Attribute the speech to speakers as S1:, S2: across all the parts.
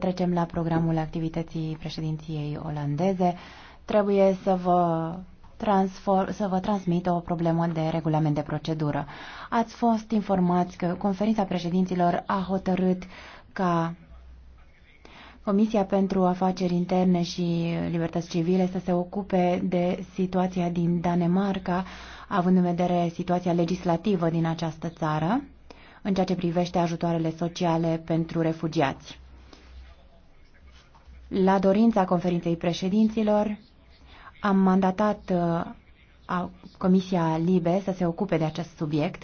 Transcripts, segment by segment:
S1: Trecem la programul activității președinției olandeze. Trebuie să vă, transform, să vă transmit o problemă de regulament de procedură. Ați fost informați că conferința președinților a hotărât ca Comisia pentru Afaceri Interne și Libertăți Civile să se ocupe de situația din Danemarca, având în vedere situația legislativă din această țară, în ceea ce privește ajutoarele sociale pentru refugiați. La dorința conferinței președinților, am mandatat uh, a Comisia Libe să se ocupe de acest subiect.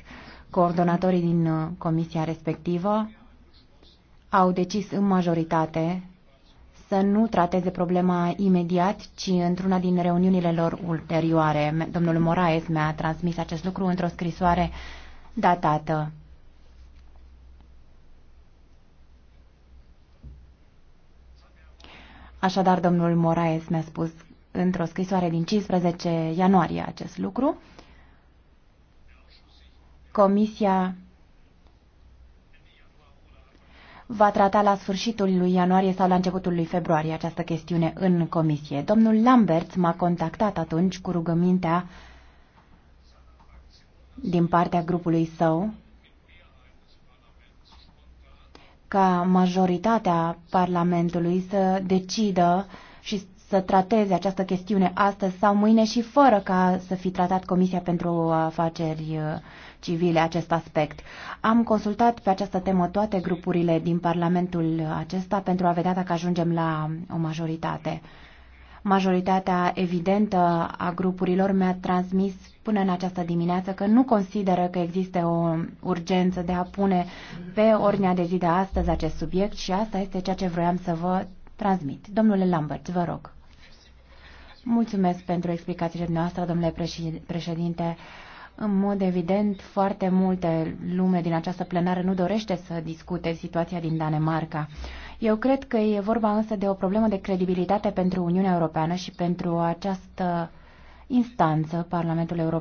S1: Coordonatorii din uh, comisia respectivă au decis în majoritate să nu trateze problema imediat, ci într-una din reuniunile lor ulterioare. Domnul Moraes mi-a transmis acest lucru într-o scrisoare datată Așadar, domnul Moraes mi-a spus într-o scrisoare din 15 ianuarie acest lucru. Comisia va trata la sfârșitul lui ianuarie sau la începutul lui februarie această chestiune în comisie. Domnul Lambert m-a contactat atunci cu rugămintea din partea grupului său ca majoritatea Parlamentului să decidă și să trateze această chestiune astăzi sau mâine și fără ca să fi tratat Comisia pentru Afaceri Civile acest aspect. Am consultat pe această temă toate grupurile din Parlamentul acesta pentru a vedea dacă ajungem la o majoritate. Majoritatea evidentă a grupurilor mi-a transmis până în această dimineață că nu consideră că există o urgență de a pune pe ordinea de zi de astăzi acest subiect și asta este ceea ce vroiam să vă transmit. Domnule Lambert, vă rog. Mulțumesc pentru explicațiile noastre, domnule președinte. În mod evident, foarte multe lume din această plenară nu dorește să discute situația din Danemarca. Eu cred că e vorba însă de o problemă de credibilitate pentru Uniunea Europeană și pentru această instanță, Parlamentul European.